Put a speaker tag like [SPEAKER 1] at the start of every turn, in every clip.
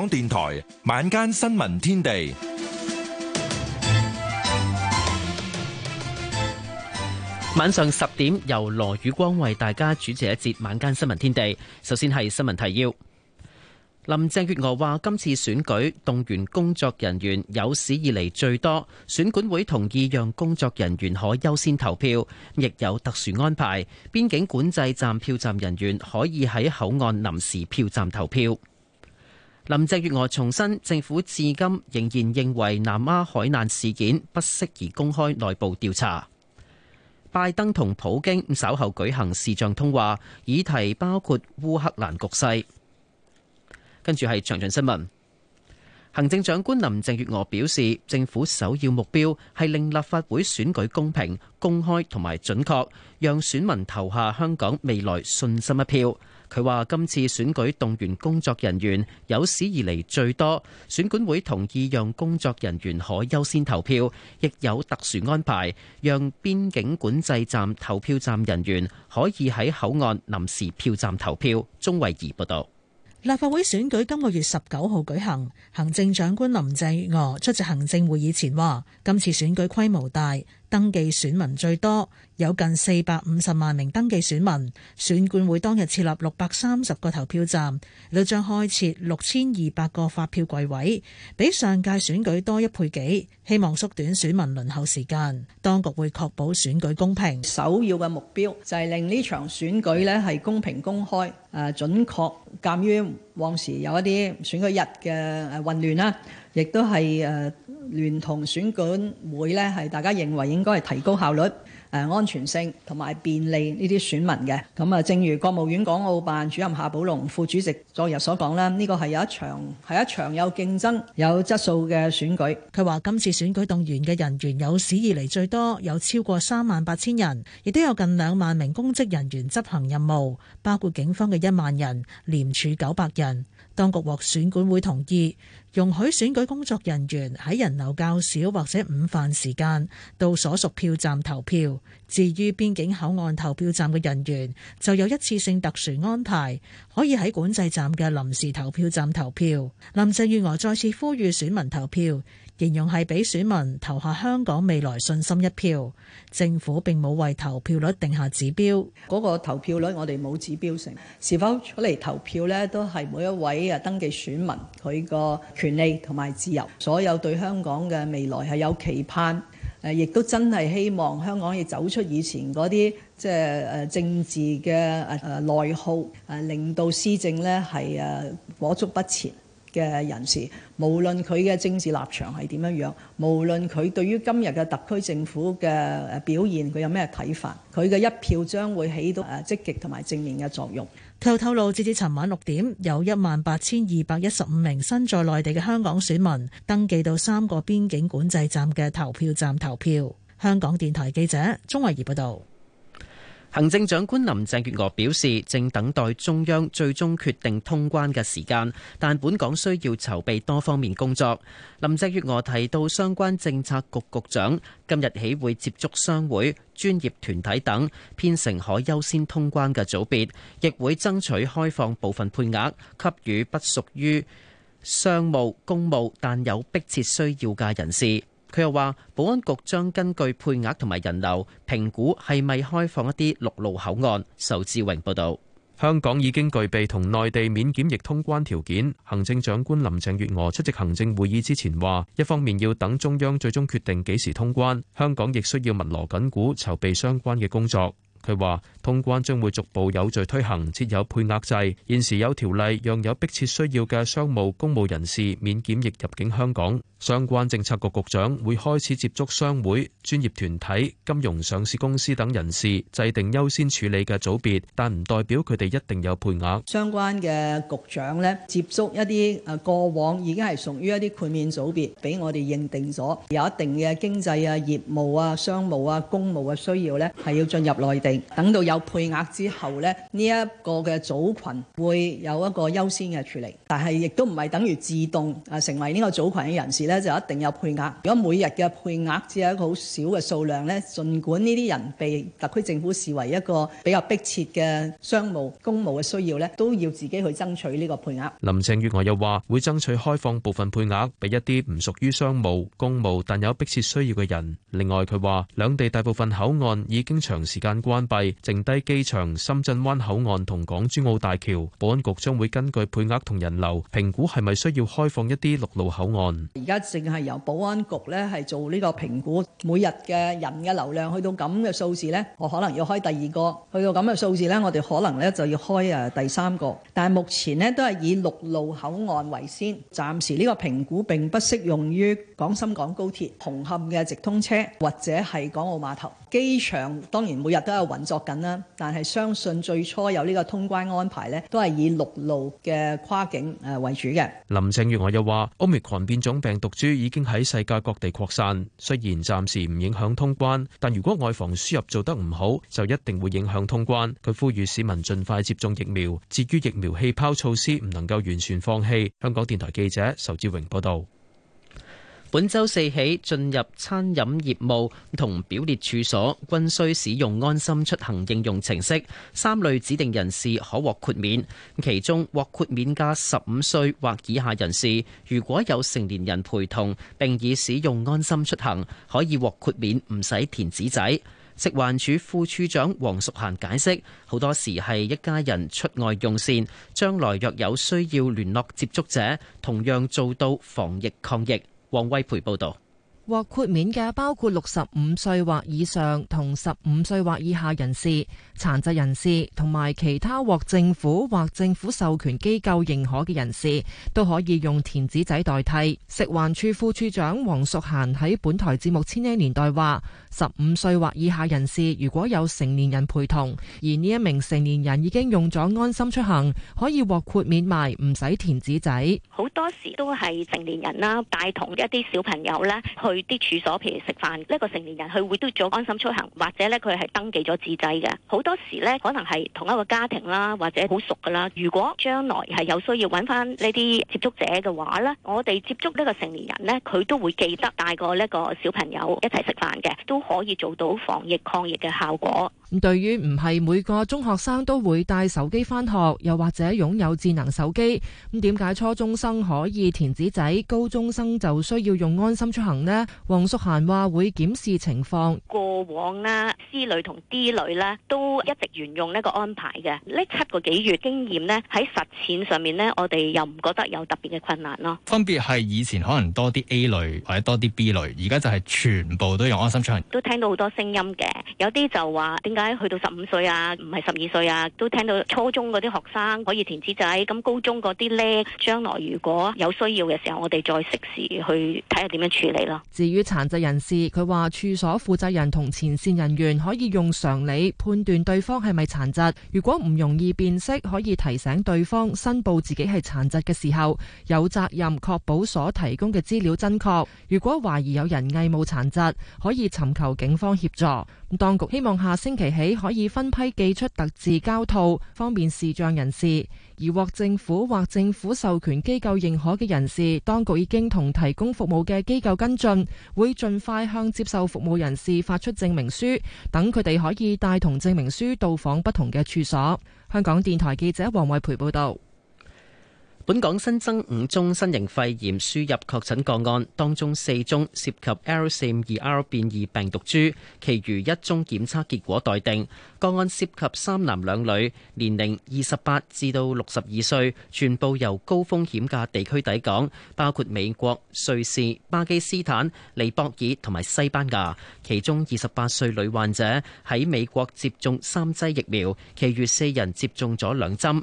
[SPEAKER 1] 港電台晚間新聞天地，
[SPEAKER 2] 晚上十點由羅宇光為大家主持一節晚間新聞天地。首先係新聞提要。林鄭月娥話：今次選舉動員工作人員有史以嚟最多，選管會同意讓工作人員可優先投票，亦有特殊安排。邊境管制站票站人員可以喺口岸臨時票站投票。林鄭月娥重申，政府至今仍然認為南丫海難事件不適宜公開內部調查。拜登同普京稍後舉行視像通話，議題包括烏克蘭局勢。跟住係詳盡新聞。行政長官林鄭月娥表示，政府首要目標係令立法會選舉公平、公開同埋準確，讓選民投下香港未來信心一票。佢話：今次選舉動員工作人員有史以嚟最多，選管會同意讓工作人員可優先投票，亦有特殊安排，讓邊境管制站投票站人員可以喺口岸臨時票站投票。鐘惠儀報道，
[SPEAKER 3] 立法會選舉今個月十九號舉行，行政長官林鄭月娥出席行政會議前話：今次選舉規模大。登記選民最多有近四百五十萬名登記選民，選管會當日設立六百三十個投票站，又將開設六千二百個發票櫃位，比上屆選舉多一倍幾，希望縮短選民輪候時間。當局會確保
[SPEAKER 4] 選舉公平，首要嘅目標就係令呢場選舉咧係公平公開，誒準確。鑑於往時有一啲選舉日嘅混亂啦，亦都係誒。聯同選管會呢，係大家認為應該係提高效率、誒安全性同埋便利呢啲選民嘅。咁啊，正如國務院港澳辦主任夏寶龍副主席昨日所講啦，呢個係有一場係一場有競爭、有質素嘅選舉。佢話今次選舉動員嘅人員有史以嚟最多，有超過三
[SPEAKER 3] 萬八千人，亦都有近兩萬名公職人員執行任務，包括警方嘅一萬人、廉署九百人。當局獲選管會同意容許選舉工作人員喺人流較少或者午飯時間到所屬票站投票。至於邊境口岸投票站嘅人員，就有一次性特殊安排，可以喺管制站嘅臨時投票站投票。林鄭月娥再次呼籲選民投票。形容係俾選民投下香港未來信心一票，政
[SPEAKER 4] 府並冇為投票率定下指標。嗰個投票率我哋冇指標性，是否出嚟投票呢？都係每一位啊登記選民佢個權利同埋自由，所有對香港嘅未來係有期盼，誒亦都真係希望香港要走出以前嗰啲即係誒政治嘅誒內耗，誒令到施政呢係誒裹足不前，嘅人士，無論佢嘅政治立場係點樣樣，無論佢對於今日嘅特區政府嘅表現，佢有咩睇法，佢嘅一票將會起到誒積極同埋正面嘅作用。佢又透
[SPEAKER 3] 露，截至尋晚六點，有一萬八千二百一十五名身在內地嘅香港選民登記到三個邊境管制站嘅投票站投票。香港電台記者鍾慧儀報道。
[SPEAKER 2] 行政長官林鄭月娥表示，正等待中央最終決定通關嘅時間，但本港需要籌備多方面工作。林鄭月娥提到，相關政策局局長今日起會接觸商會、專業團體等，編成可優先通關嘅組別，亦會爭取開放部分配額，給予不屬於商務、公務但有迫切需要嘅人士。佢又話，保安局將根據配額同埋人流
[SPEAKER 5] 評估，係咪開放一啲陸路口岸。仇志榮報導。香港已經具備同內地免檢疫通關條件。行政長官林鄭月娥出席行政會議之前話，一方面要等中央最終決定幾時通關，香港亦需要密鑼緊鼓籌備相關嘅工作。佢話：通關將會逐步有序推行，設有配額制。現時有條例讓有迫切需要嘅商務、公務人士免檢疫入境香港。相關政策局局長會開始接觸商會、專業團體、金融上市公司等人士，制定優先處理嘅組別，但唔代表佢哋一定有配額。
[SPEAKER 4] 相關嘅局長咧，接觸一啲誒過往已經係屬於一啲豁免組別，俾我哋認定咗有一定嘅經濟啊、業務啊、商務啊、公務嘅需要咧，係要進入內地。等到有配額之後呢，呢一個嘅組群會有一個優先嘅處理，但係亦都唔係等於自動啊成為呢個組群嘅人士呢就一定有配額。如果每日嘅配額只係一個好少嘅數量呢，儘管呢啲人被特區政府視為一個比較迫切嘅商務公務嘅需要呢，都要自己去爭取呢個配額。
[SPEAKER 5] 林鄭月娥又話：會爭取開放部分配額，俾一啲唔屬於商務公務但有迫切需要嘅人。另外，佢話兩地大部分口岸已經長時間關。關閉，剩低機場、深圳灣口岸同港珠澳大橋保安局將會根據配額同人流評估係咪需要開放一啲陸路口岸。
[SPEAKER 4] 而家淨係由保安局咧係做呢個評估，每日嘅人嘅流量去到咁嘅數字咧，我可能要開第二個；去到咁嘅數字咧，我哋可能咧就要開誒第三個。但係目前咧都係以陸路口岸為先。暫時呢個評估並不適用於港深港高鐵、紅磡嘅直通車或者係港澳碼頭、機場。當然每日都有。運作緊啦，但係相信最初有呢個通關安排呢，都係以陸路嘅跨境誒為主嘅。
[SPEAKER 5] 林鄭月娥又話，Omicron 變種病毒株已經喺世界各地擴散，雖然暫時唔影響通關，但如果外防輸入做得唔好，就一定會影響通關。佢呼籲市民盡快接種疫苗，至於疫苗氣泡措施唔能夠完全放棄。香港電台記者仇志榮報道。本周四起，進入餐飲業務同表列處所均
[SPEAKER 2] 需使用安心出行應用程式。三類指定人士可獲豁免，其中獲豁免嘅十五歲或以下人士，如果有成年人陪同並已使用安心出行，可以獲豁免，唔使填紙仔。食環署副處長黃淑嫻解釋：好多時係一家人出外用膳，將來若有需要聯絡接觸者，同樣做到防疫抗疫。王維培報道。
[SPEAKER 6] 獲豁免嘅包括六十五歲或以上同十五歲或以下人士、殘疾人士同埋其他獲政府或政府授權機構認可嘅人士，都可以用填紙仔代替。食環處副，副處長黃淑嫻喺本台節目《千禧年代》話：十五歲或以下人士如果有成年人陪同，而呢一名成年人已經用咗安心出行，可以獲豁免埋，唔使填紙仔。好
[SPEAKER 7] 多時都係成年人啦，帶同一啲小朋友咧去。啲處所，譬如食飯，呢個成年人佢會都做安心出行，或者咧佢係登記咗自製嘅。好多時咧，可能係同一個家庭啦，或者好熟噶啦。如果將來係有需要揾翻呢啲接觸者嘅話咧，我哋接觸呢個成年人咧，佢都會記得帶個呢個小朋友一齊食飯嘅，都可以做到防疫抗疫嘅效果。
[SPEAKER 6] 咁對於唔係每個中學生都會帶手機返學，又或者擁有智能手機，咁點解初中生可以填紙仔，高中生就需要用安心出行呢？黃淑嫻話會檢視情況。
[SPEAKER 7] 過往咧 C 類同 D 類咧都一直沿用呢個安排嘅。呢七個幾月經驗呢，喺實踐上面呢，我哋又唔覺得有特別嘅困難咯。
[SPEAKER 8] 分別係以前可能多啲 A 類或者多啲 B 類，而家就係全部都用安心出行。
[SPEAKER 7] 都聽到好多聲音嘅，有啲就話點解，去到十五歲啊，唔係十二歲啊，都聽到初中嗰啲學生可以填紙仔，咁高中嗰啲呢，將來如果有需要嘅時候，我哋再適時去睇下點樣處理咯。
[SPEAKER 6] 至於殘疾人士，佢話處所負責人同前線人員可以用常理判斷對方係咪殘疾，如果唔容易辨識，可以提醒對方申報自己係殘疾嘅時候，有責任確保所提供嘅資料真確。如果懷疑有人偽冒殘疾，可以尋求警方協助。咁當局希望下星期。起可以分批寄出特製膠套，方便視障人士。而獲政府或政府授權機構認可嘅人士，當局已經同提供服務嘅機構跟進，會盡快向接受服務人士發出證明書，等佢哋可以帶同證明書到訪不同嘅處所。香港電台記者黃慧培報道。
[SPEAKER 2] 本港新增五宗新型肺炎輸入確診個案，當中四宗涉及 L 四五二 R 變異病毒株，其餘一宗檢測結果待定。個案涉及三男兩女，年齡二十八至到六十二歲，全部由高風險嘅地區抵港，包括美國、瑞士、巴基斯坦、尼泊爾同埋西班牙。其中二十八歲女患者喺美國接種三劑疫苗，其餘四人接種咗兩針。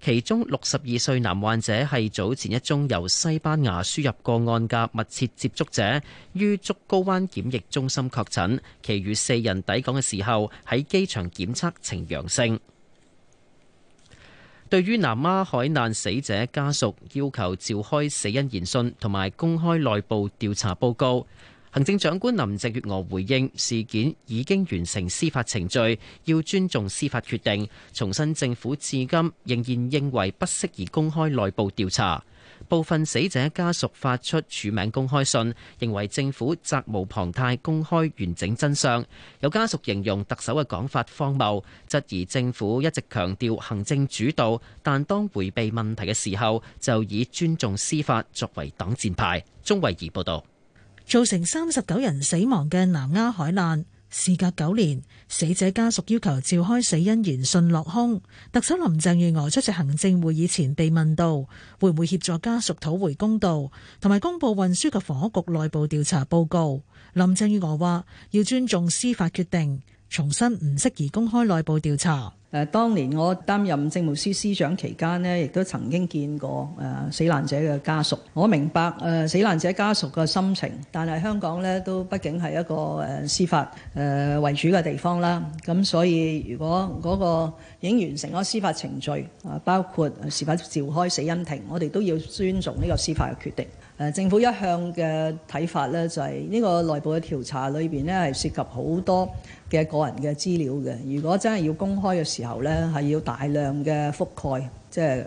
[SPEAKER 2] 其中六十二歲男患者係早前一宗由西班牙輸入個案嘅密切接觸者，於竹篙灣檢疫中心確診。其餘四人抵港嘅時候喺機場檢測呈陽性。對於南丫海難死者家屬要求召開死因研訊同埋公開內部調查報告。行政長官林鄭月娥回應事件已經完成司法程序，要尊重司法決定。重申政府至今仍然認為不適宜公開內部調查。部分死者家屬發出署名公開信，認為政府責無旁貸公開完整真相。有家屬形容特首嘅講法荒謬，質疑政府一直強調行政主導，但當回避問題嘅時候，就以尊重司法作為擋箭牌。鍾慧儀報道。
[SPEAKER 3] 造成三十九人死亡嘅南丫海難，事隔九年，死者家屬要求召開死因研訊落空。特首林鄭月娥出席行政會議前被問到，會唔會協助家屬討回公道，同埋公布運輸及房屋局內部調查報告。林鄭月娥話要尊重司法決定，
[SPEAKER 4] 重申唔適宜公開內部調查。誒、啊，當年我擔任政務司司長期間呢，亦都曾經見過誒、啊、死難者嘅家屬。我明白誒、啊、死難者家屬嘅心情，但係香港呢都畢竟係一個誒、啊、司法誒、啊、為主嘅地方啦。咁所以如果嗰個已經完成咗司法程序，啊，包括是否召開死因庭，我哋都要尊重呢個司法嘅決定。誒、啊、政府一向嘅睇法咧，就係、是、呢個內部嘅調查裏邊咧，係涉及好多嘅個人嘅資料嘅。如果真係要公開嘅時候咧，係要大量嘅覆蓋，即係誒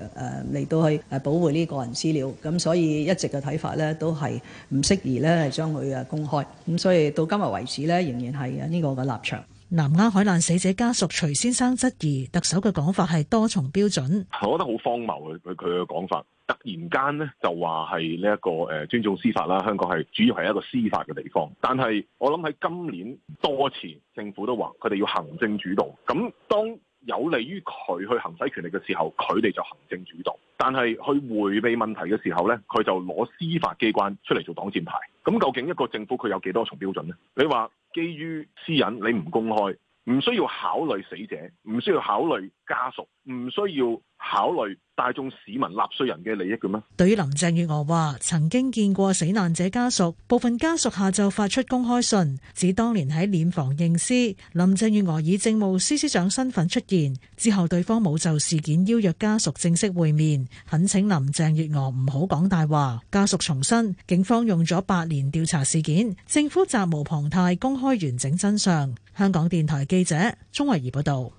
[SPEAKER 4] 嚟到去誒保護呢個人資料。咁所以一直嘅睇法咧，都係唔適宜咧將佢誒公開。咁所以到今日為止咧，仍然係呢個嘅立場。南丫海難死者家屬徐先生質疑特首
[SPEAKER 3] 嘅講法係多重標準，我
[SPEAKER 1] 覺得好荒謬嘅。佢佢佢嘅講法，突然間咧就話係呢一個誒尊重司法啦，香港係主要係一個司法嘅地方。但係我諗喺今年多次政府都話佢哋要行政主導，咁當有利於佢去行使權力嘅時候，佢哋就行政主導；但係去迴避問題嘅時候咧，佢就攞司法機關出嚟做擋箭牌。咁究竟一個政府佢有幾多重標準呢？你話？基於私隱，你唔公開，唔需要考慮死者，唔需要考慮。家屬唔需要考慮大眾市民、納稅人嘅利益嘅咩？
[SPEAKER 3] 對於林鄭月娥話，曾經見過死難者家屬，部分家屬下晝發出公開信，指當年喺殮房認屍，林鄭月娥以政務司司長身份出現之後，對方冇就事件邀約家屬正式會面，懇請林鄭月娥唔好講大話。家屬重申，警方用咗八年調查事件，政府責無旁貸公開完整真相。香港電台記者鍾慧儀報道。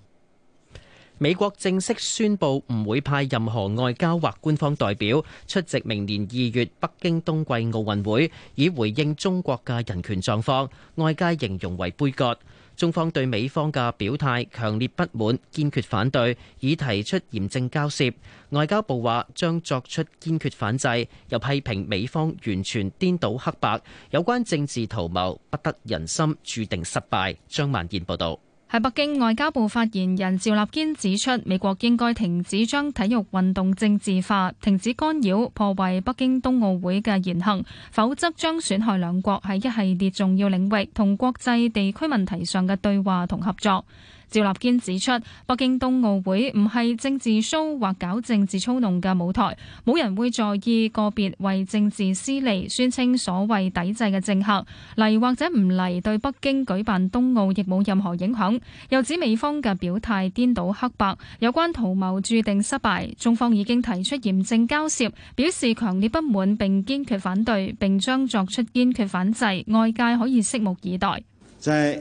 [SPEAKER 2] 美國正式宣布唔會派任何外交或官方代表出席明年二月北京冬季奧運會，以回應中國嘅人權狀況。外界形容為杯葛。中方對美方嘅表態強烈不滿，堅決反對，已提出嚴正交涉。外交部話將作出堅決反制，又批評美方完全顛倒黑白，有關政治圖謀不得人心，註定失敗。張曼燕報導。
[SPEAKER 9] 喺北京外交部發言人趙立堅指出，美國應該停止將體育運動政治化，停止干擾破壞北京冬奧會嘅言行，否則將損害兩國喺一系列重要領域同國際地區問題上嘅對話同合作。趙立堅指出，北京冬奧會唔係政治 show 或搞政治操弄嘅舞台，冇人會在意個別為政治私利宣稱所謂抵制嘅政客嚟，或者唔嚟，對北京舉辦冬奧亦冇任何影響。又指美方嘅表態顛倒黑白，有關圖謀注定失敗。中方已經提出嚴正交涉，表示強烈不滿並堅決反對，並將作出堅決反制。外界可以拭目以待。就係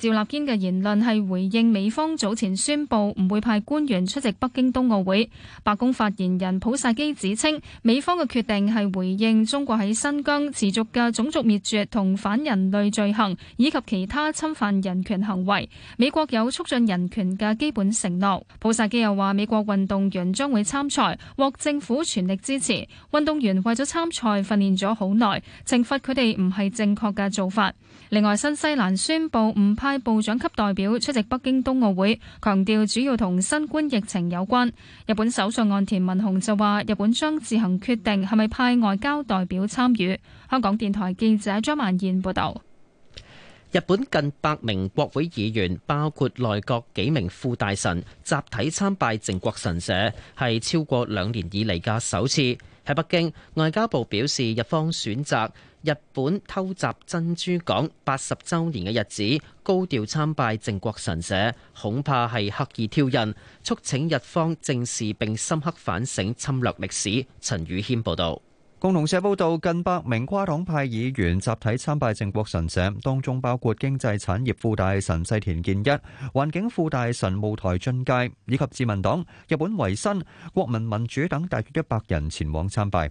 [SPEAKER 9] 趙立堅嘅言論係回應美方早前宣布唔會派官員出席北京冬奧會。白宮發言人普薩基指稱，美方嘅決定係回應中國喺新疆持續嘅種族滅絕同反人類罪行以及其他侵犯人權行為。美國有促進人權嘅基本承諾。普薩基又話，美國運動員將會參賽，獲政府全力支持。運動員為咗參賽訓練咗好耐，懲罰佢哋唔係正確嘅做法。另外，新西蘭宣布唔派。派部長級代表出席北京冬奧會，強調主要同新冠疫情有關。日本首相岸田文雄就話：日本將自行決定係咪派外交代表參與。香港電台記者張曼燕報導，
[SPEAKER 2] 日本近百名國會議員，包括內閣幾名副大臣，集體參拜靖國神社，係超過兩年以嚟嘅首次。喺北京，外交部表示日方選擇。日本偷襲珍珠港八十周年嘅日子，高調參拜靖國神社，恐怕係刻意挑釁，促請日方正視並深刻反省
[SPEAKER 10] 侵略歷史。陳宇謙報道。共同社報道，近百名跨黨派議員集體參拜靖國神社，當中包括經濟產業副大臣細田健一、環境副大臣務台俊介以及自民黨、日本維新、國民民主等大約一百人前往參拜。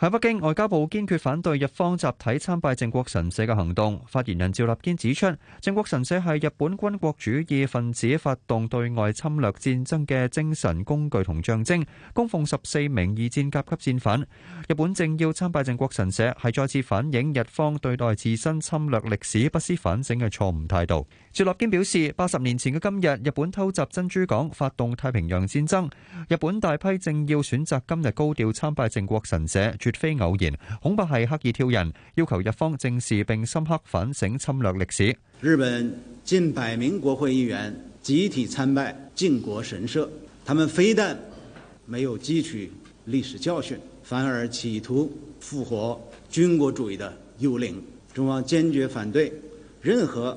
[SPEAKER 10] 喺北京，外交部堅決反對日方集體參拜靖國神社嘅行動。發言人趙立堅指出，靖國神社係日本軍國主義分子發動對外侵略戰爭嘅精神工具同象徵，供奉十四名二戰甲級戰犯。日本政要參拜靖國神社係再次反映日方對待自身侵略歷史不思反省嘅錯誤態度。朱立堅表示，八十年前嘅今日，日本偷襲珍珠港，發動太平洋戰爭。日本大批政要選擇今日高調參拜靖國神社，絕非偶然，恐怕係刻意挑釁，要求日方正視並深刻反省侵略歷史。
[SPEAKER 11] 日本近百名國會議員集體參拜靖國神社，他們非但沒有汲取歷史教訓，反而企圖復活軍國主義的幽靈。中方堅決反對任何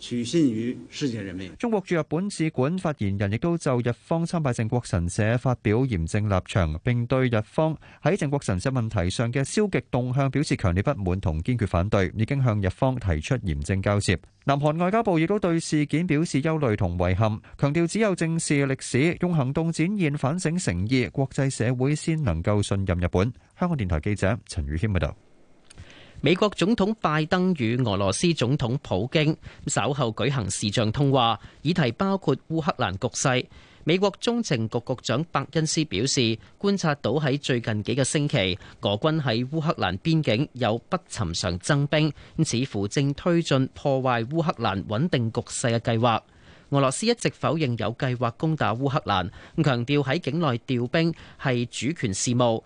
[SPEAKER 11] 取信於世界人民。
[SPEAKER 10] 中國駐日本使館發言人亦都就日方參拜靖國神社發表嚴正立場，並對日方喺靖國神社問題上嘅消極動向表示強烈不滿同堅決反對，已經向日方提出嚴正交涉。南韓外交部亦都對事件表示憂慮同遺憾，強調只有正視歷史，用行動展現反省誠意，國際社會先能夠信任日本。香港電台記者陳宇謙報道。
[SPEAKER 2] 美國總統拜登與俄羅斯總統普京稍後舉行視像通話，議題包括烏克蘭局勢。美國中情局局長伯恩斯表示，觀察到喺最近幾個星期，俄軍喺烏克蘭邊境有不尋常增兵，似乎正推進破壞烏克蘭穩定局勢嘅計劃。俄羅斯一直否認有計劃攻打烏克蘭，強調喺境內調兵係主權事務。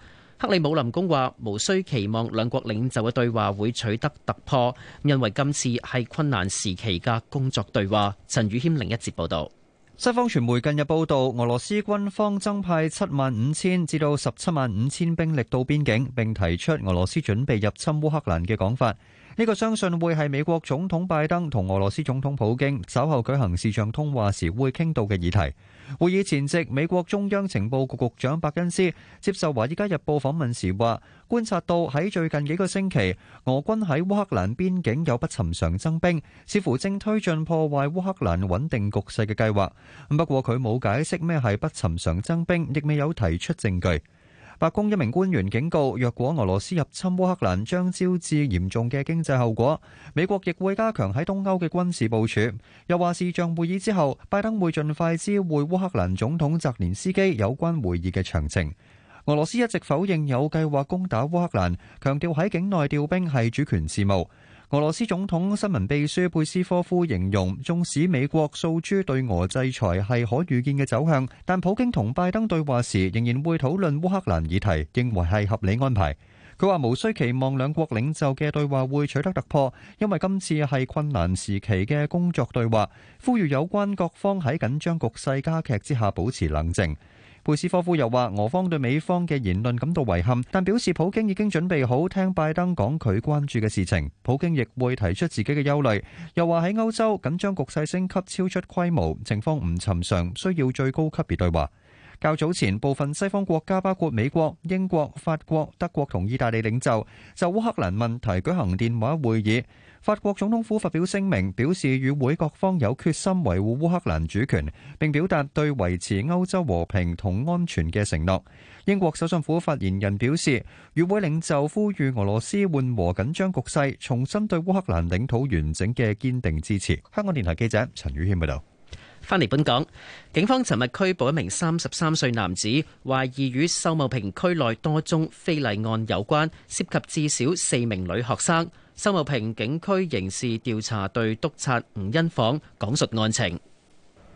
[SPEAKER 2] 克里姆林宮話，無需期望兩國領袖嘅對話會取得突破，因為今次係困難時期嘅工作對話。陳
[SPEAKER 10] 宇謙另一節報道，西方傳媒近日報道，俄羅斯軍方增派七萬五千至到十七萬五千兵力到邊境，並提出俄羅斯準備入侵烏克蘭嘅講法。呢個相信會係美國總統拜登同俄羅斯總統普京稍後舉行視像通話時會傾到嘅議題。會議前夕，美國中央情報局局長伯恩斯接受《華爾街日報》訪問時話，觀察到喺最近幾個星期，俄軍喺烏克蘭邊境有不尋常增兵，似乎正推進破壞烏克蘭穩定局勢嘅計劃。不過佢冇解釋咩係不尋常增兵，亦未有提出證據。白宮一名官員警告，若果俄羅斯入侵烏克蘭，將招致嚴重嘅經濟後果。美國亦會加強喺東歐嘅軍事部署。又話視像會議之後，拜登會盡快知會烏克蘭總統澤連斯基有關會議嘅詳情。俄羅斯一直否認有計劃攻打烏克蘭，強調喺境內調兵係主權事務。俄羅斯總統新聞秘書佩斯科夫形容，縱使美國訴諸對俄制裁係可預見嘅走向，但普京同拜登對話時仍然會討論烏克蘭議題，認為係合理安排。佢話無需期望兩國領袖嘅對話會取得突破，因為今次係困難時期嘅工作對話，呼籲有關各方喺緊張局勢加劇之下保持冷靜。佩斯科夫又話俄方對美方嘅言論感到遺憾，但表示普京已經準備好聽拜登講佢關注嘅事情。普京亦會提出自己嘅憂慮，又話喺歐洲緊張局勢升級超出規模，情況唔尋常，需要最高級別對話。較早前部分西方國家，包括美國、英國、法國、德國同意大利領袖，就烏克蘭問題舉行電話會議。法國總統府發表聲明，表示與會各方有決心維護烏克蘭主權，並表達對維持歐洲和平同安全嘅承諾。英國首相府發言人表示，與會領袖呼籲俄羅斯緩和緊張局勢，重申對烏克蘭領土完整嘅堅定支持。香港電台記者陳宇謙報道。
[SPEAKER 2] 翻嚟本港，警方尋日拘捕一名三十三歲男子，懷疑與秀茂坪區內多宗非禮案有關，涉及至少四名女學生。秀茂坪警區刑事調查隊督察吳恩訪講述案情：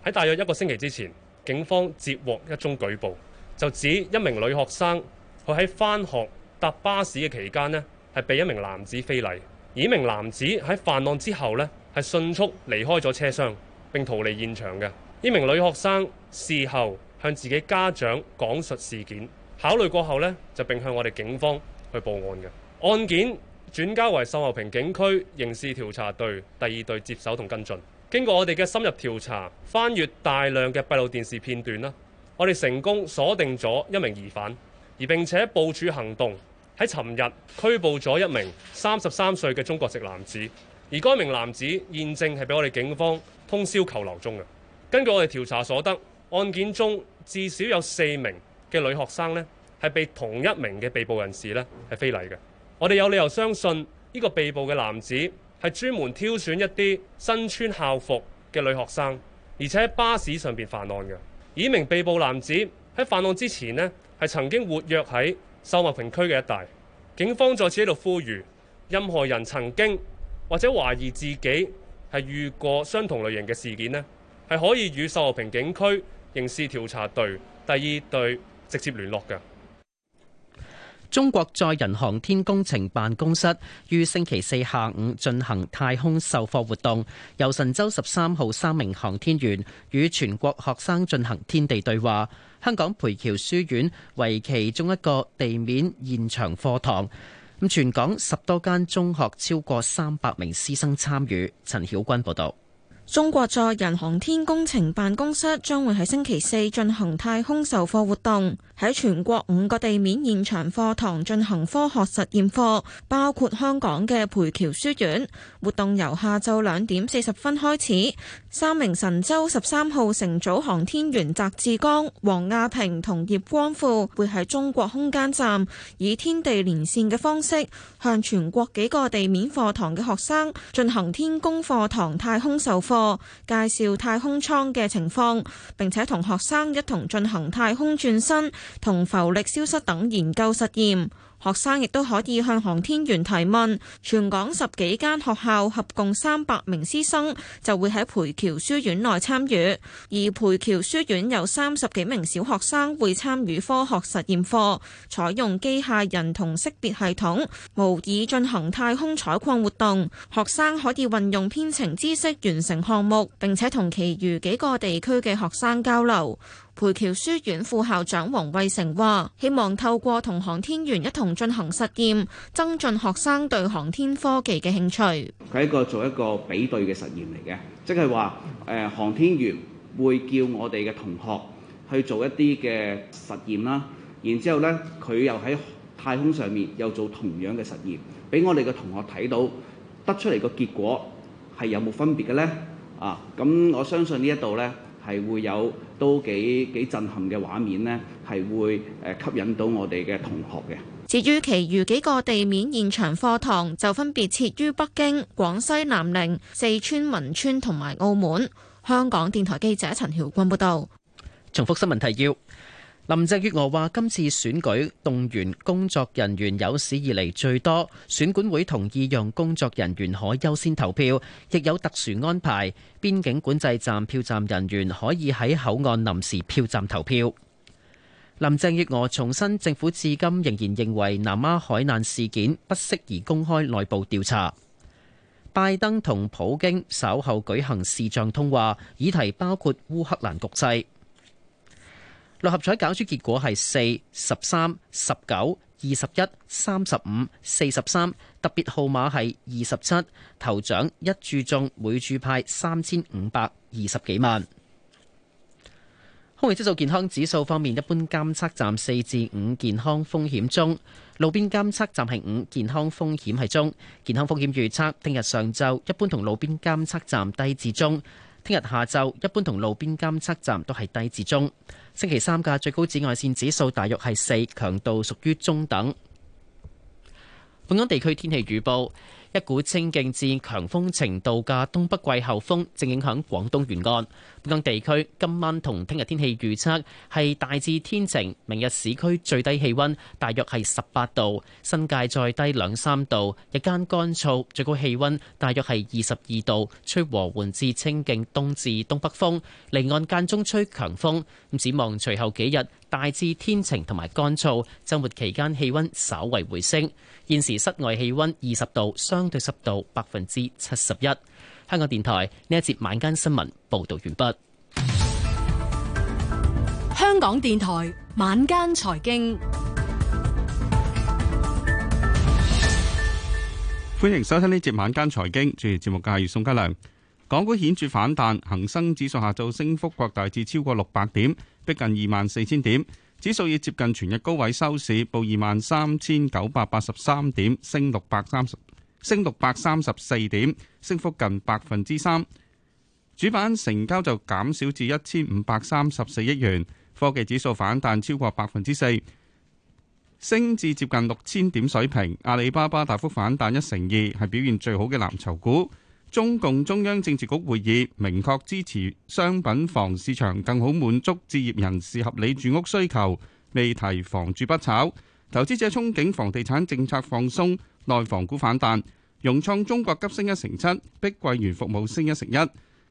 [SPEAKER 12] 喺大約一個星期之前，警方接獲一宗舉報，就指一名女學生佢喺返學搭巴士嘅期間呢，係被一名男子非禮。而名男子喺犯案之後呢係迅速離開咗車廂，並逃離現場嘅。呢名女學生事後向自己家長講述事件，考慮過後呢就並向我哋警方去報案嘅案件。轉交為秀茂坪警區刑事調查隊第二隊接手同跟進。經過我哋嘅深入調查，翻閱大量嘅閉路電視片段啦，我哋成功鎖定咗一名疑犯，而並且部署行動喺尋日拘捕咗一名三十三歲嘅中國籍男子。而該名男子現正係被我哋警方通宵扣留中嘅。根據我哋調查所得，案件中至少有四名嘅女學生咧，係被同一名嘅被捕人士咧係非禮嘅。我哋有理由相信呢個被捕嘅男子係專門挑選一啲身穿校服嘅女學生，而且喺巴士上邊犯案嘅。呢名被捕男子喺犯案之前呢，係曾經活躍喺秀茂坪區嘅一帶。警方再次喺度呼籲，任何人曾經或者懷疑自己係遇過相同類型嘅事件呢，係可以與秀茂坪警區刑事調查隊第二隊直接聯絡嘅。
[SPEAKER 2] 中國載人航天工程辦公室於星期四下午進行太空授課活動，由神舟十三號三名航天員與全國學生進行天地對話。香港培僑書院為其中一個地面現場課堂，咁全港十多間中學超過三百名師生參與。陳曉君報道。
[SPEAKER 7] 中國載人航天工程辦公室將會喺星期四進行太空授課活動，喺全國五個地面現場課堂進行科學實驗課，包括香港嘅培僑書院。活動由下晝兩點四十分開始。三名神舟十三號乘組航天員翟志剛、王亞平同葉光富會喺中國空間站以天地連綫嘅方式，向全國幾個地面課堂嘅學生進行天宮課堂太空授課。介紹太空艙嘅情況，並且同學生一同進行太空轉身同浮力消失等研究實驗。學生亦都可以向航天員提問。全港十幾間學校合共三百名師生就會喺培僑書院內參與，而培僑書院有三十幾名小學生會參與科學實驗課，採用機械人同識別系統模擬進行太空採礦活動。學生可以運用編程知識完成項目，並且同其餘幾個地區嘅學生交流。培僑書院副校長黃衛成話，希望透過同航天員一同進行實驗，增進學生對航天科技嘅興趣。
[SPEAKER 11] 佢一個做一個比對嘅實驗嚟嘅，即係話，誒、呃，航天員會叫我哋嘅同學去做一啲嘅實驗啦，然之後呢，佢又喺太空上面又做同樣嘅實驗，俾我哋嘅同學睇到，得出嚟個結果係有冇分別嘅呢？啊，咁我相信呢一度呢。係會有都幾幾震撼嘅畫面，呢係會誒吸引到我哋嘅同學嘅。
[SPEAKER 7] 至於其餘幾個地面現場課堂，就分別設於北京、廣西南寧、四川汶川同埋澳門。香港電台記者陳曉君報導。
[SPEAKER 2] 重複新聞提要。林鄭月娥話：今次選舉動員工作人員有史以嚟最多，選管會同意讓工作人員可優先投票，亦有特殊安排。邊境管制站票站人員可以喺口岸臨時票站投票。林鄭月娥重申，政府至今仍然認為南丫海難事件不適宜公開內部調查。拜登同普京稍後舉行視像通話，議題包括烏克蘭局勢。六合彩搞出結果係四、十三、十九、二十一、三十五、四十三，特別號碼係二十七。頭獎一注中，每注派三千五百二十幾萬。空氣質素健康指數方面，一般監測站四至五健康風險中，路邊監測站係五健康風險係中。健康風險預測，聽日上晝一般同路邊監測站低至中。聽日下晝，一般同路邊監測站都係低至中。星期三嘅最高紫外線指數大約係四，強度屬於中等。本港地區天氣預報：一股清勁至強風程度嘅東北季候風正影響廣東沿岸。本港地區今晚同聽日天氣預測係大致天晴，明日市區最低氣温大約係十八度，新界再低兩三度，日間乾燥，最高氣温大約係二十二度，吹和緩至清勁東至東北風，離岸間中吹強風。咁展望隨後幾日大致天晴同埋乾燥，週末期間氣温稍為回升。現時室外氣温二十度，相對濕度百分之七十一。香港電台呢一節晚間新聞報道完畢。
[SPEAKER 4] 香港電台晚間財經，
[SPEAKER 13] 歡迎收聽呢節晚間財經。主持節目嘅係宋家良。港股顯著反彈，恒生指數下晝升幅擴大至超過六百點，逼近二萬四千點。指數以接近全日高位收市，報二萬三千九百八十三點，升六百三十。升六百三十四點，升幅近百分之三。主板成交就減少至一千五百三十四億元。科技指數反彈超過百分之四，升至接近六千點水平。阿里巴巴大幅反彈一成二，係表現最好嘅藍籌股。中共中央政治局會議明確支持商品房市場更好滿足置業人士合理住屋需求，未提房住不炒。投資者憧憬房地產政策放鬆。內房股反彈，融創中國急升一成七，碧桂園服務升一成一。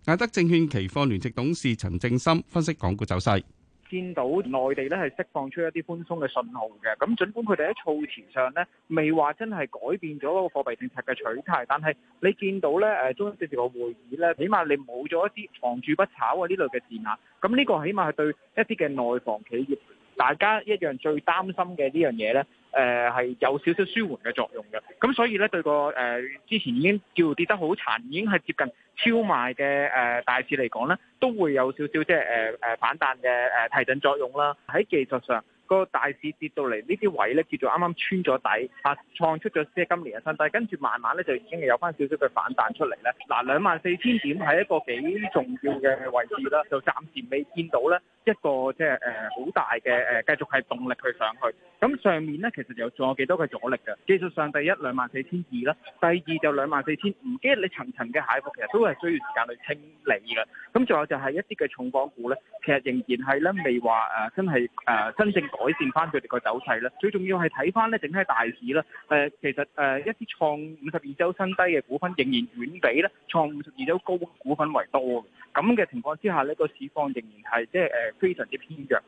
[SPEAKER 13] 艾德證券期貨聯席董事陳正森分析港股走勢，
[SPEAKER 1] 見到內地咧係釋放出一啲寬鬆嘅信號嘅，咁儘管佢哋喺措辭上咧未話真係改變咗個貨幣政策嘅取態，但係你見到咧誒中央政治局會議咧，起碼你冇咗一啲房住不炒啊呢類嘅字眼，咁呢個起碼係對一啲嘅內房企業，大家一樣最擔心嘅呢樣嘢咧。誒係、呃、有少少舒緩嘅作用嘅，咁所以咧對個誒、呃、之前已經叫跌得好殘，已經係接近超賣嘅誒、呃、大市嚟講咧，都會有少少即係誒誒反彈嘅誒提振作用啦。喺技術上。個大市跌到嚟呢啲位咧叫做啱啱穿咗底嚇，創出咗即係今年嘅新低，跟住慢慢咧就已經係有翻少少嘅反彈出嚟咧。嗱，兩萬四千點係一個幾重要嘅位置啦，就暫時未見到咧一個即係誒好大嘅誒繼續係動力去上去。咁上面咧其實有仲有幾多嘅阻力㗎？技術上第一兩萬四千二啦，24, 200，第二就兩萬四千五。唔驚你層層嘅蟹伏其實都係需要時間去清理㗎。咁仲有就係一啲嘅重磅股咧，其實仍然係咧未話誒真係誒、啊、真正，改善翻佢哋個走勢啦。最重要係睇翻呢整體大市啦。誒，其實誒一啲創五十二周新低嘅股份，仍然遠比呢創五十二周高嘅股份為多嘅。咁嘅情況之下，呢個市況仍然係即係誒非常之偏弱。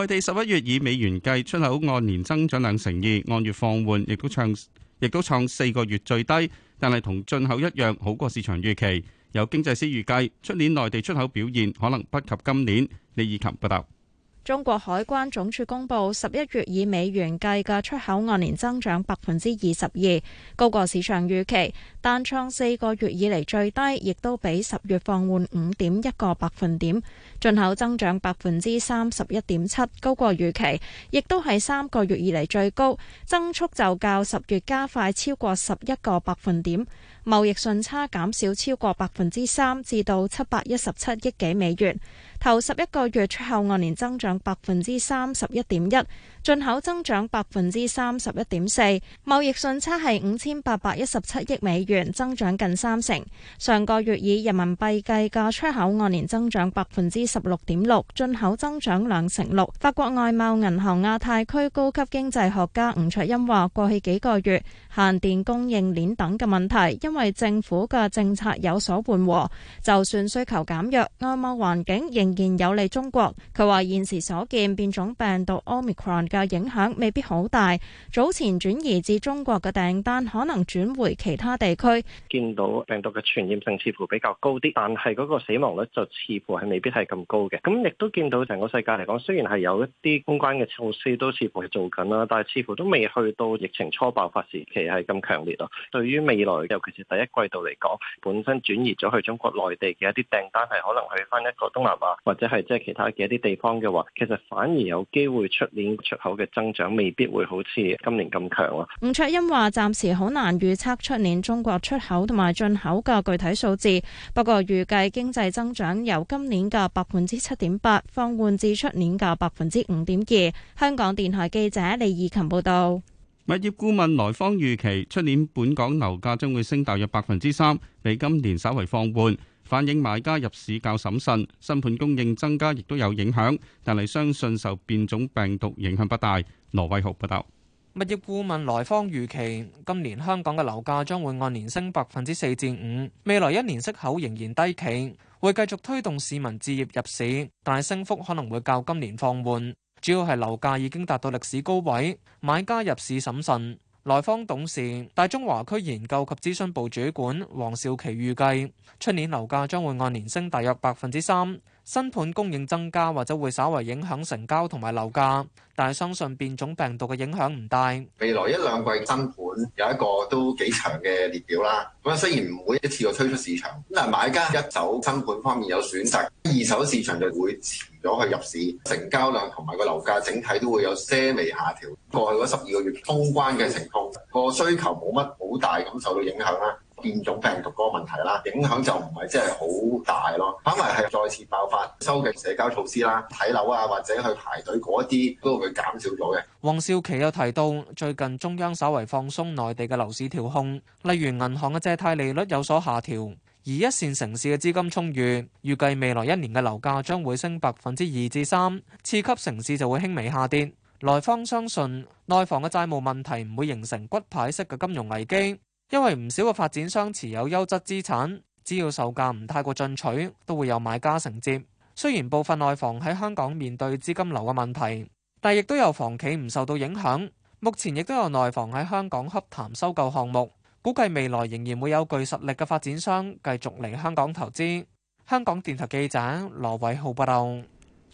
[SPEAKER 13] 內地十一月以美元計出口按年增長兩成二，按月放緩也，亦都創亦都創四個月最低。但係同進口一樣，好過市場預期。有經濟師預計，出年內地出口表現可能不及今年。李以琴報道。
[SPEAKER 14] 中國海關總署公布，十一月以美元計嘅出口按年增長百分之二十二，高過市場預期，但創四個月以嚟最低，亦都比十月放緩五點一個百分點。進口增長百分之三十一點七，高過預期，亦都係三個月以嚟最高，增速就較十月加快超過十一個百分點。貿易順差減少超過百分之三，至到七百一十七億幾美元。頭十一個月出口按年增長百分之三十一點一，進口增長百分之三十一點四，貿易順差係五千八百一十七億美元，增長近三成。上個月以人民幣計價出口按年增長百分之十六點六，進口增長兩成六。法國外貿銀行亞太區高級經濟學家吳卓欣話：過去幾個月限電、供應鏈等嘅問題，因為政府嘅政策有所緩和，就算需求減弱，外貿環境仍。現有利中國，佢話現時所見變種病毒 Omicron 嘅影響未必好大，早前轉移至中國嘅訂單可能轉回其他地區。
[SPEAKER 1] 見到病毒嘅傳染性似乎比較高啲，但係嗰個死亡率就似乎係未必係咁高嘅。咁亦都見到成個世界嚟講，雖然係有一啲公關嘅措施都似乎係做緊啦，但係似乎都未去到疫情初爆發時期係咁強烈咯。對於未來，尤其是第一季度嚟講，本身轉移咗去中國內地嘅一啲訂單係可能去翻一個東南亞。或者係即係其他嘅一啲地方嘅話，其實反而有機會出年出口嘅增長未必會好似今年咁強啊。吳
[SPEAKER 14] 卓欣話：暫時好難預測出年中國出口同埋進口嘅具體數字，不過預計經濟增長由今年嘅百分之七點八放緩至出年嘅百分之五點二。香港電台記者李義琴報道：
[SPEAKER 13] 「物業顧問來方預期出年本港樓價將會升大約百分之三，比今年稍為放緩。反映買家入市較審慎，新盤供應增加亦都有影響，但係相信受變種病毒影響不大。羅偉豪報導，
[SPEAKER 15] 物業顧問來方預期今年香港嘅樓價將會按年升百分之四至五，未來一年息口仍然低企，會繼續推動市民置業入市，但係升幅可能會較今年放緩，主要係樓價已經達到歷史高位，買家入市審慎。萊坊董事、大中華區研究及諮詢部主管黃兆琪預計，出年樓價將會按年升大約百分之三。新盤供應增加或者會稍為影響成交同埋樓價，但係相信變種病毒嘅影響唔大。未來一兩季新
[SPEAKER 1] 盤有一個都幾長嘅列表啦。咁啊，雖然唔會一次過推出市場，但係買家一手新盤方面有選擇，二手市場就會遲咗去入市，成交量同埋個樓價整體都會有些微下調。過去嗰十二個月通關嘅情況，個需求冇乜好大感受到影響啦。變種病毒嗰個問題啦，影響就唔係真係好大咯。反為係再次爆發，收緊社交措施啦，睇樓啊，或者去排隊嗰一啲都會減少咗
[SPEAKER 15] 嘅。黃少琪又提到，最近中央稍為放鬆內地嘅樓市調控，例如銀行嘅借貸利率有所下調，而一線城市嘅資金充裕，預計未來一年嘅樓價將會升百分之二至三，次級城市就會輕微下跌。來方相信內房嘅債務問題唔會形成骨牌式嘅金融危機。因為唔少嘅發展商持有優質資產，只要售價唔太過進取，都會有買家承接。雖然部分內房喺香港面對資金流嘅問題，但亦都有房企唔受到影響。目前亦都有內房喺香港洽談收購項目，估計未來仍然會有具實力嘅發展商繼續嚟香港投資。香港電台記者羅偉浩報道。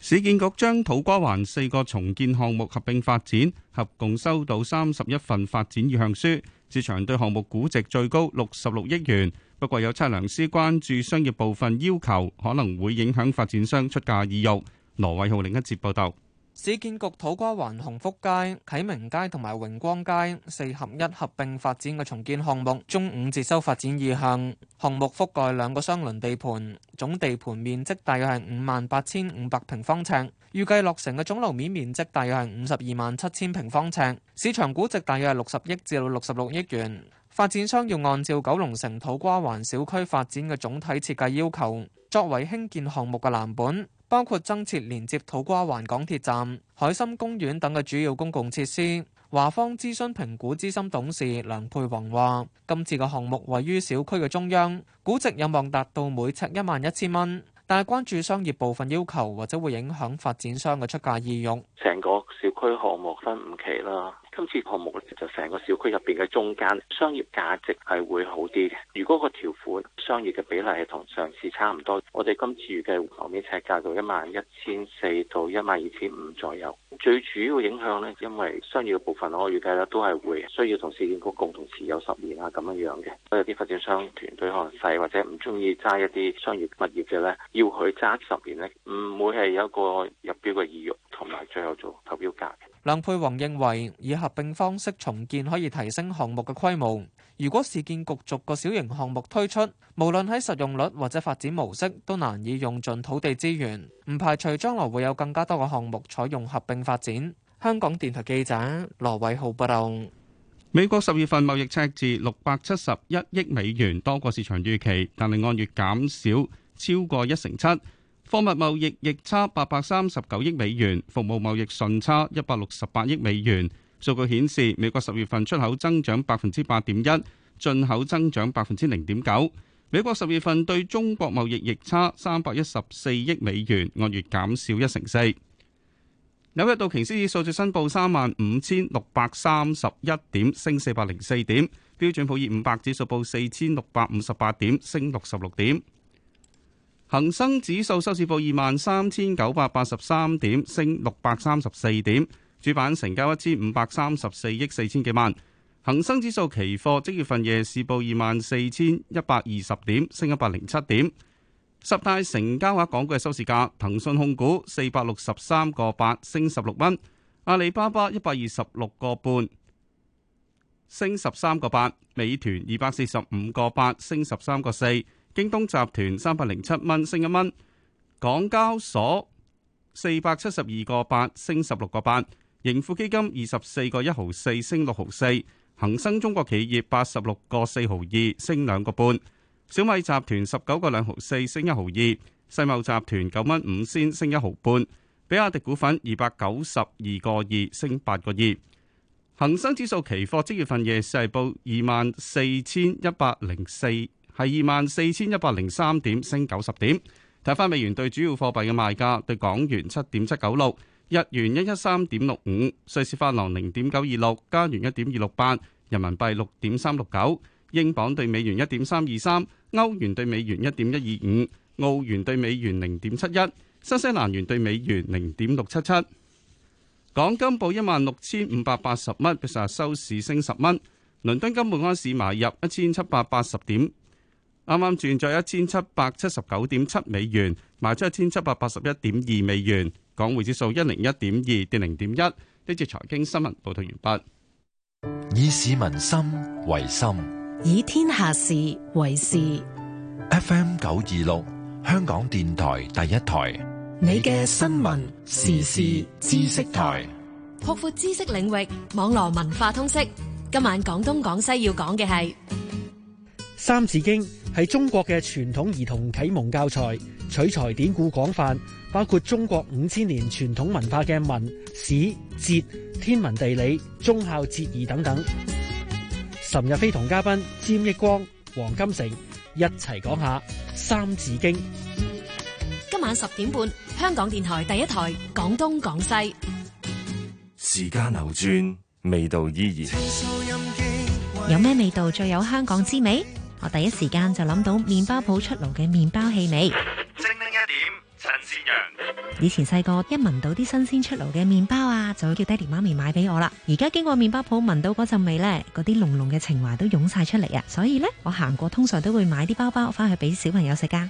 [SPEAKER 13] 市建局將土瓜灣四個重建項目合併發展，合共收到三十一份發展意向書，市場對項目估值最高六十六億元。不過有測量師關注商業部分要求，可能會影響發展商出價意欲。羅偉浩另一節報道。
[SPEAKER 15] 市建局土瓜灣鴻福街、啟明街同埋榮光街四合一合併發展嘅重建項目，中午接收發展意向。項目覆蓋兩個雙輪地盤，總地盤面積大約係五萬八千五百平方尺，預計落成嘅總樓面面積大約係五十二萬七千平方尺，市場估值大約係六十億至到六十六億元。發展商要按照九龍城土瓜灣小區發展嘅總體設計要求，作為興建項目嘅藍本。包括增設連接土瓜灣港鐵站、海心公園等嘅主要公共設施。華方諮詢評估資深董事梁佩宏話：今次嘅項目位於小區嘅中央，估值有望達到每尺一萬一千蚊，但係關注商業部分要求或者會影響發展商嘅出價意欲。
[SPEAKER 11] 成個小區項
[SPEAKER 1] 目分五期啦。今次項目呢，就成個小區入面嘅中間商業價值係會好啲嘅。如果個條款商業嘅比例係同上次差唔多，我哋今次預計後面尺價到一萬一千四到一萬二千五左右。
[SPEAKER 13] 最主要影響呢，
[SPEAKER 1] 因為商業嘅部分，我預計呢都係會需要同市建局共同持有十年啊，咁樣嘅。所以啲發展商團隊可能細或者唔中意揸一啲商業物業嘅呢，要佢揸十年呢，唔會係有一個入標嘅意欲同埋最後做投標價。
[SPEAKER 15] 梁佩煌認為以後合併方式重建可以提升項目嘅規模。如果市建局逐個小型項目推出，無論喺實用率或者發展模式，都難以用盡土地資源。唔排除將來會有更加多嘅項目採用合併發展。香港電台記者羅偉浩報道。
[SPEAKER 13] 美國十月份貿易赤字六百七十一億美元，多過市場預期，但係按月減少超過一成七。貨物貿易逆差八百三十九億美元，服務貿易順差一百六十八億美元。數據顯示，美國十月份出口增長百分之八點一，進口增長百分之零點九。美國十月份對中國貿易逆差三百一十四億美元，按月減少一成四。紐約道瓊斯指數升報三萬五千六百三十一點，升四百零四點。標準普爾五百指數報四千六百五十八點，升六十六點。恒生指數收市報二萬三千九百八十三點，升六百三十四點。主板成交一千五百三十四億四千幾萬，恒生指數期貨即月份夜市報二萬四千一百二十點，升一百零七點。十大成交額港股嘅收市價：騰訊控股四百六十三個八，升十六蚊；阿里巴巴一百二十六個半，升十三個八；美團二百四十五個八，升十三個四；京東集團三百零七蚊，升一蚊；港交所四百七十二個八，升十六個八。盈富基金二十四個一毫四升六毫四，恒生中國企業八十六個四毫二升兩個半，小米集團十九個兩毫四升一毫二，世茂集團九蚊五仙升一毫半，比亞迪股份二百九十二個二升八個二，恒生指數期貨即月份夜市報二萬四千一百零四，係二萬四千一百零三點升九十點，睇翻美元兌主要貨幣嘅賣價，對港元七點七九六。日元一一三點六五，瑞士法郎零點九二六，加元一點二六八，人民幣六點三六九，英鎊兌美元一點三二三，歐元兌美元一點一二五，澳元兌美元零點七一，新西蘭元兌美元零點六七七。港金報一萬六千五百八十蚊，今日收市升十蚊。倫敦金每安士買入一千七百八十點，啱啱轉咗一千七百七十九點七美元，賣出一千七百八十一點二美元。港匯指數一零一點二跌零點一。呢節財經新聞報道完畢。以市民心為心，以
[SPEAKER 9] 天下事為事。
[SPEAKER 1] FM 九二六，香港電台第一台，
[SPEAKER 9] 你嘅新聞時事知識台，擴闊
[SPEAKER 6] 知識領域，網絡文化通識。今晚廣東廣西要講嘅係
[SPEAKER 5] 《三字經》，係中國嘅傳統兒童啟蒙教材，取材典故廣泛。包括中國五千年傳統文化嘅文史哲、天文地理、忠孝節義等等。岑逸飛同嘉賓詹益光、黃金城一齊講下《三字經》。
[SPEAKER 6] 今晚十點半，香港電台第一台講東講西。廣時間流轉，味道依然。有咩味道最有香港滋味？我第一時間就諗到麵包鋪出爐嘅麵包氣味。
[SPEAKER 11] 新鮮
[SPEAKER 7] 羊，以
[SPEAKER 6] 前細個一聞到啲新鮮出爐嘅麵包啊，就會叫爹哋媽咪買俾我啦。而家經過麵包鋪聞到嗰陣味咧，嗰啲濃濃嘅情懷都湧晒出嚟啊！所以咧，我行過通常都會買啲包包翻去俾小朋友食噶。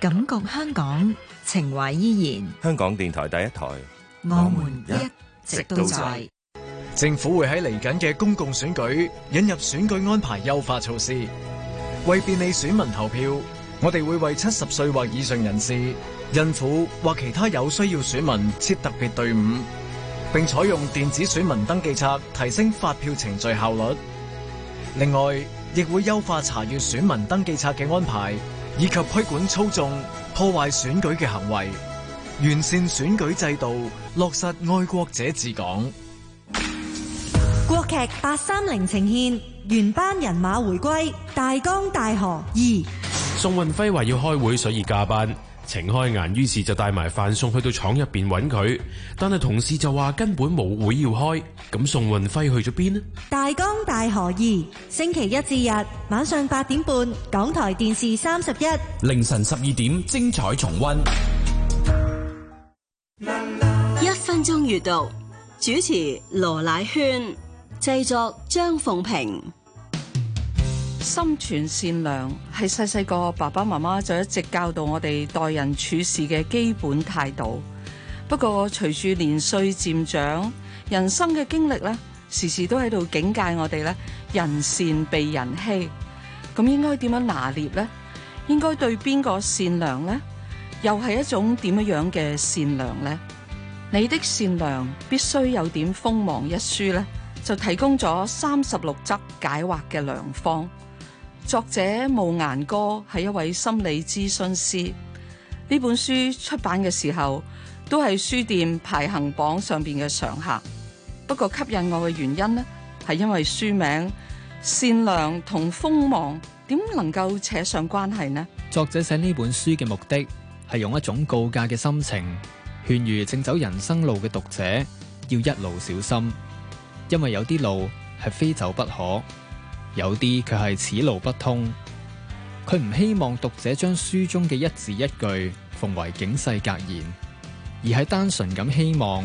[SPEAKER 6] 感覺香港
[SPEAKER 4] 情懷依然。
[SPEAKER 12] 香港電台第一台，
[SPEAKER 4] 我們一直都在。
[SPEAKER 8] 政府會喺嚟緊嘅公共選舉引入選舉安排優化措施，為便利選民投票，我哋會為七十歲或以上人士，孕婦或其他有需要選民設特別隊伍，並採用電子選民登記冊，提升發票程序效率。另外，亦會優化查閱選民登記冊嘅安排，以及規管操縱破壞選舉嘅行為，完善選舉制度，落實愛國者治港。
[SPEAKER 4] 國劇八三零呈現原班人馬回歸
[SPEAKER 16] 《大江大河》二。
[SPEAKER 12] 宋運輝話要開會，所以加班。程開顏，於是就帶埋飯送去到廠入邊揾佢，但係同事就話根本冇會要開，咁宋運輝去咗邊
[SPEAKER 4] 呢？大江大河二，星期一至日晚上八點半，港台電視三十一，
[SPEAKER 12] 凌晨十二點精彩重温。
[SPEAKER 4] 一分鐘閱讀，主持
[SPEAKER 7] 羅乃萱，
[SPEAKER 16] 製作張鳳平。心存善良係細細個爸爸媽媽就一直教導我哋待人處事嘅基本態度。不過隨住年歲漸長，人生嘅經歷咧，時時都喺度警戒我哋咧，人善被人欺。咁應該點樣拿捏呢？應該對邊個善良呢？又係一種點樣嘅善良呢？「你的善良必須有點鋒芒」一書咧就提供咗三十六則解惑嘅良方。作者慕顏歌係一位心理諮詢師，呢本書出版嘅時候都係書店排行榜上邊嘅常客。不過吸引我嘅原因咧，係因為書名善良同鋒芒點能夠扯上關係呢？
[SPEAKER 8] 作者寫呢本書嘅目的係用一種告誡嘅心情，勸喻正走人生路嘅讀者要一路小心，因為有啲路係非走不可。有啲佢係此路不通，佢唔希望讀者將書中嘅一字一句奉為警世格言，而係單純咁希望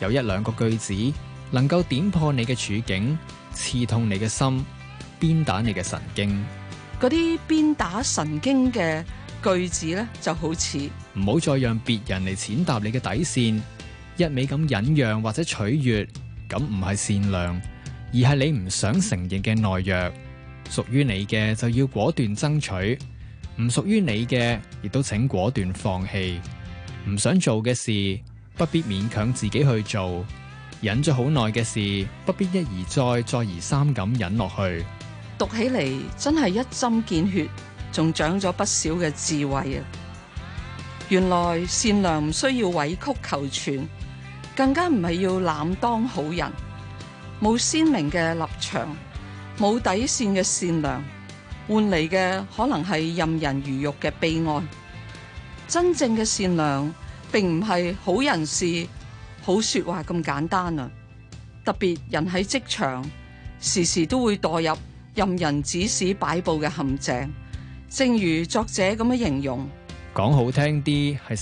[SPEAKER 8] 有一兩個句子能夠點破你嘅處境，刺痛你嘅心，鞭打你嘅神經。
[SPEAKER 16] 嗰啲鞭打神經嘅句子咧，就好似
[SPEAKER 8] 唔好再讓別人嚟踐踏你嘅底線，一味咁忍讓或者取悅，咁唔係善良。而係你唔想承認嘅懦弱，屬於你嘅就要果斷爭取，唔屬於你嘅亦都請果斷放棄。唔想做嘅事不必勉強自己去做，忍咗好耐嘅事不必一而再、再而三咁忍落去。
[SPEAKER 16] 讀起嚟真係一針見血，仲長咗不少嘅智慧啊！原來善良唔需要委曲求全，更加唔係要濫當好人。冇鮮明嘅立場，冇底線嘅善良，換嚟嘅可能係任人魚肉嘅悲哀。真正嘅善良，並唔係好人事、好說話咁簡單啊！特別人喺職場，時時都會墮入任人指使擺布嘅陷阱。正如作者咁樣形容，
[SPEAKER 9] 講好聽啲係。